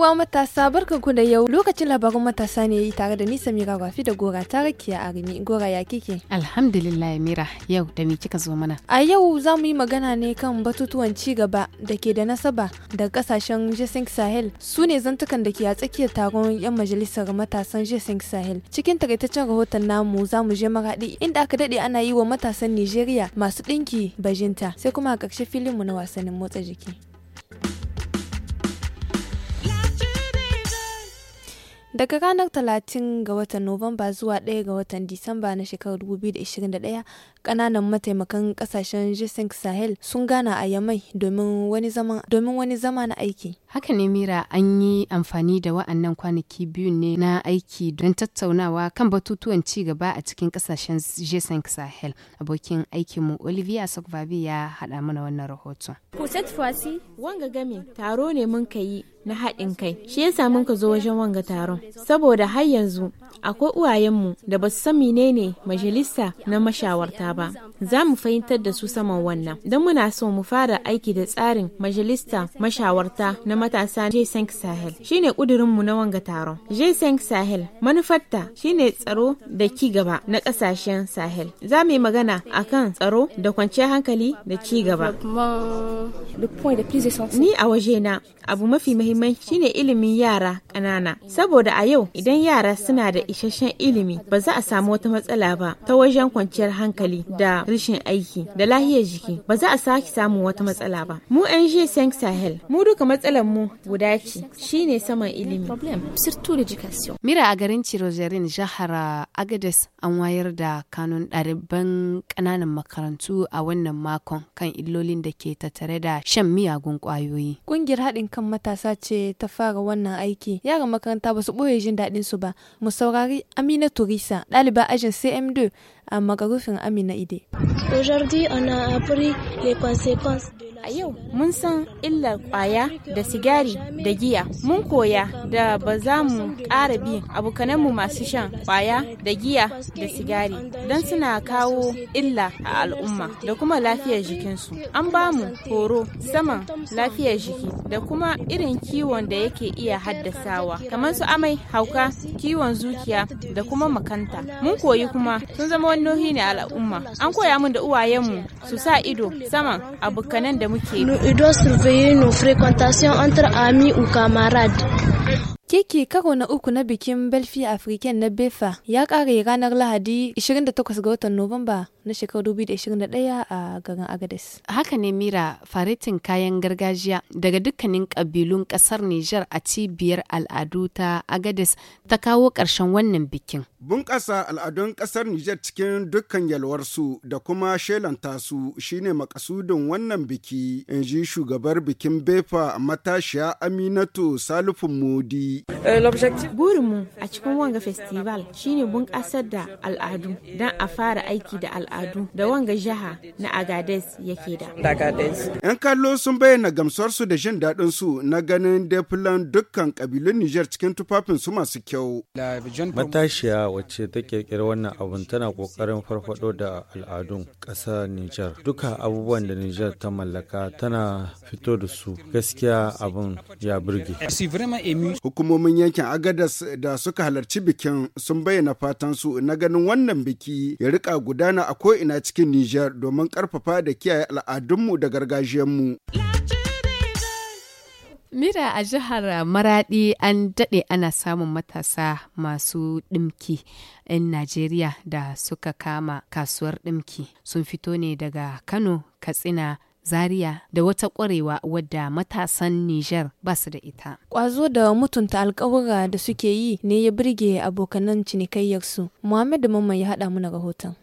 uwa matasa barkanku da yau lokacin labarin matasa ne tare da nisa mira wafi da gora ta rakiya a rimi gora ya kike alhamdulillah mira yau da ni kika zo mana a yau za mu yi magana ne kan batutuwan ci gaba da ke da nasaba da kasashen jesing sahel su ne zantukan da ke a tsakiyar taron yan majalisar matasan jesing sahel cikin takaitaccen rahoton namu za mu je maraɗi inda aka daɗe ana yi wa matasan nijeriya masu ɗinki bajinta sai kuma a ƙarshe filinmu na wasannin motsa jiki Daga ranar 30 ga watan Nuwamba zuwa 1 ga watan Disamba na shekarar 2021, kananan mataimakan kasashen g Sahel sun gana a Yamai domin wani zama na aiki. Haka ne Mira an yi amfani da wa'annan kwanaki biyu ne na aiki don tattaunawa kan batutuwan ci gaba a cikin kasashen G5 Sahel. Abokin aikinmu Olivia Sokvabi ya haɗa mana wannan rahoton. Kusat Fasi, wanga game taro ne mun ka yi na haɗin kai shi yasa mun ka zo wajen wanga taron saboda har yanzu akwai uwayenmu da ba su san menene majalisa na mashawarta ba za mu fahimtar da su saman wannan don muna so mu fara aiki da tsarin majalista mashawarta na matasa J5 Sahel shine mu na wanga taron. J5 Sahel manufarta shine tsaro da ci gaba na ƙasashen Sahel. Za mu yi magana akan tsaro da kwanciyar hankali da ci gaba. Ni a wajena abu mafi muhimmanci shine ilimin yara ƙanana. Saboda a yau idan yara suna da isasshen ilimi ba za a samu wata matsala ba ta wajen kwanciyar hankali da rashin aiki da lahiyar jiki ba za a sake samu wata matsala ba. Mu 'yan J5 Sahel mu duka matsalar mu guda ce ne saman ilimi. Mira a garin Cirozerin jihar Agades an wayar da kanun ɗaliban ƙananan makarantu a wannan makon kan illolin da ke tattare da shan miyagun ƙwayoyi. Ƙungiyar haɗin kan matasa ce ta fara wannan aiki. Yaran makaranta ba su ɓoye jin daɗin su ba. Mu saurari Amina Turisa, ɗaliba ajin cmd. a magarufin Amina Ide. A yau mun san illar kwaya da sigari da giya. Mun koya da ba za mu ƙara bi abokananmu masu shan ƙwaya da giya da sigari don suna kawo illa a al'umma da kuma lafiyar jikinsu. An ba mu horo saman lafiyar jiki da kuma irin kiwon da yake iya haddasawa kamar su amai, hauka, kiwon zuciya da kuma makanta. Mun koyi kuma sun zama hanyoyi ne al'umma an koya min da uwayenmu su sa ido saman abokanan da muke entre ido keke karo na uku na bikin Belfi African na Befa ya kare ranar Lahadi 28 ga watan Nuwamba na shekarar 2021 a garin Agades. Haka ne Mira faretin kayan gargajiya daga dukkanin kabilun kasar Nijar a cibiyar al'adu ta agadis ta kawo ƙarshen wannan bikin. Bunƙasa al'adun ƙasar Nijar cikin dukkan yalwarsu da kuma shelanta su shine makasudin wannan biki, in ji shugabar bikin Befa matashiya Aminatu Salifin Modi. Euh, Burinmu a cikin wanga festival shine bunƙasar da al'adu don a fara aiki da al'adu da wanga jiha na Agades yake da. 'Yan kallo sun bayyana gamsuwarsu da jin daɗin su na ganin defilan dukkan kabilun Nijar cikin tufafin su masu kyau. Matashiya wacce ta kirkiri wannan abun tana kokarin farfado da al'adun ƙasar Nijar. Duka abubuwan da Nijar ta mallaka tana fito da su gaskiya abun ya burge. Hukumomin yankin Agadas da suka halarci bikin sun bayyana fatan su na ganin wannan biki ya rika gudana a ko'ina cikin Nijar domin ƙarfafa da kiyaye al'adunmu da gargajiyarmu. Mira a jihar Maradi an daɗe ana samun matasa masu ɗimki 'yan Najeriya da suka kama kasuwar ɗimki sun fito ne daga Kano, Katsina, Zaria da wata ƙwarewa wadda matasan Nijar ba su da ita. Ƙwazo da mutunta alkawura da suke yi ne ya birge abokanan cinikayyarsu. Muhammadu Mamman ya haɗa mu na rahoton.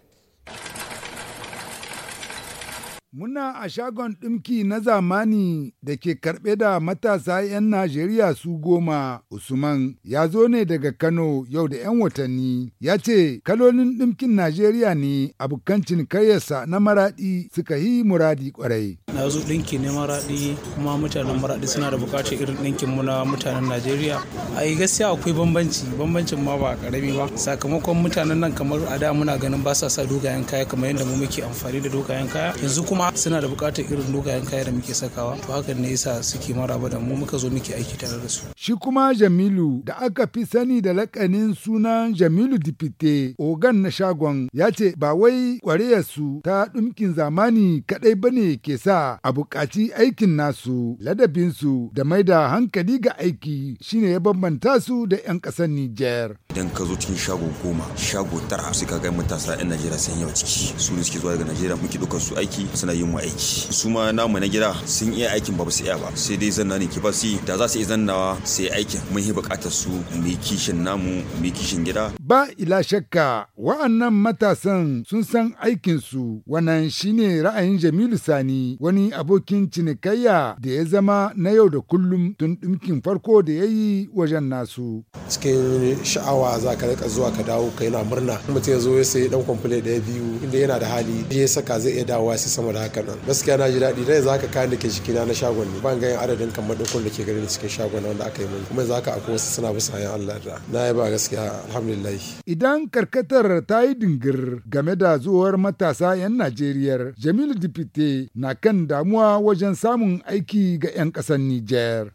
Muna a shagon ɗinki na zamani da ke karɓe da matasa 'yan Najeriya su goma Usman ya zo ne daga Kano yau da 'yan watanni ya ce kalolin ɗinkin Najeriya ne abokan karyarsa na maraɗi suka yi muradi kwarai. Na zo ɗinki ne maraɗi kuma mutanen maraɗi suna da bukatar irin ɗinkin muna mutanen Najeriya. A gaskiya akwai bambanci bambancin ma ba karami ba sakamakon mutanen nan kamar a da muna ganin ba sa sa dogayen kaya kamar yadda mu muke amfani da dogayen kaya yanzu kuma suna da buƙatar irin dogayen kaya da muke sakawa to hakan ne yasa suke maraba da mu muka zo muke aiki tare da su shi kuma Jamilu da aka fi sani da lakanin sunan Jamilu Dipite ogan na shagon ya ce ba wai su ta ɗumkin zamani kaɗai bane ke sa a bukaci aikin nasu ladabinsu da mai da hankali ga aiki shine ya bambanta su da 'yan kasar nijer. idan ka zo cikin shago goma shago tara sai ka ga matasa 'yan najeriya sun yawa ciki su ne suke zuwa daga najeriya muke ɗaukar su aiki suna yin mu aiki su ma namu na gida sun iya aikin ba su iya ba sai dai zanna ne ke ba su da za su iya zannawa sai aikin mun yi bukatar su mu kishin namu mai kishin gida. ba ila shakka wa'annan matasan sun san aikin su wannan shine ra'ayin jamilu sani wani abokin cinikayya da ya zama na yau da kullum tun ɗinkin farko da ya yi wajen nasu. cikin sha'awa yawa za ka rika zuwa ka dawo ka yana murna mutum ya zo ya sayi dan kwamfule daya biyu inda yana da hali ya saka zai iya dawowa sai sama da haka nan gaskiya na ji daɗi dai yanzu haka kayan da ke jikina na shagon ne ban ganin adadin kan madukun da ke garin cikin shagon wanda aka yi mun kuma yanzu haka akwai wasu suna bisa yan Allah da na yaba ba gaskiya alhamdulillah idan karkatar ta yi dingir game da zuwar matasa yan Najeriya Jamilu Dipite na kan damuwa wajen samun aiki ga 'yan ƙasar Nijar.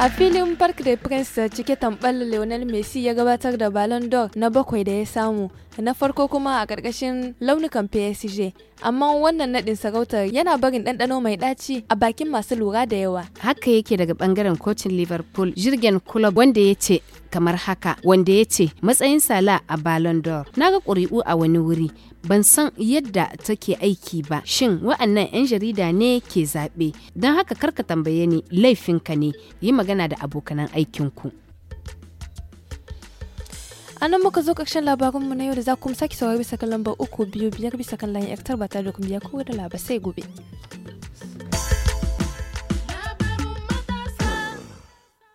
A filin Parc des Princes cike tambal Lionel Messi ya gabatar da Ballon d'Or na bakwai da ya samu na farko kuma a ƙarƙashin launukan PSG. Amma wannan naɗin sarautar yana barin ɗanɗano mai ɗaci a bakin masu lura da yawa. Haka yake daga ɓangaren kocin Liverpool jirgin Klopp wanda ya ce kamar haka wanda ya ce matsayin Sala a Ballon d'Or. Na ga ƙuri'u a wani wuri ban san yadda take aiki ba shin wa'annan 'yan jarida ne ke zaɓe don haka karka tambaye ni laifinka ne yi magana da abokanan aikinku. a nan muka zo ƙarshen labarinmu na yau da za ku sake saurari bisa kan lambar uku biyu biyar bisa kan layin yaktar ba tare da kuma biya kowa da laba sai gobe.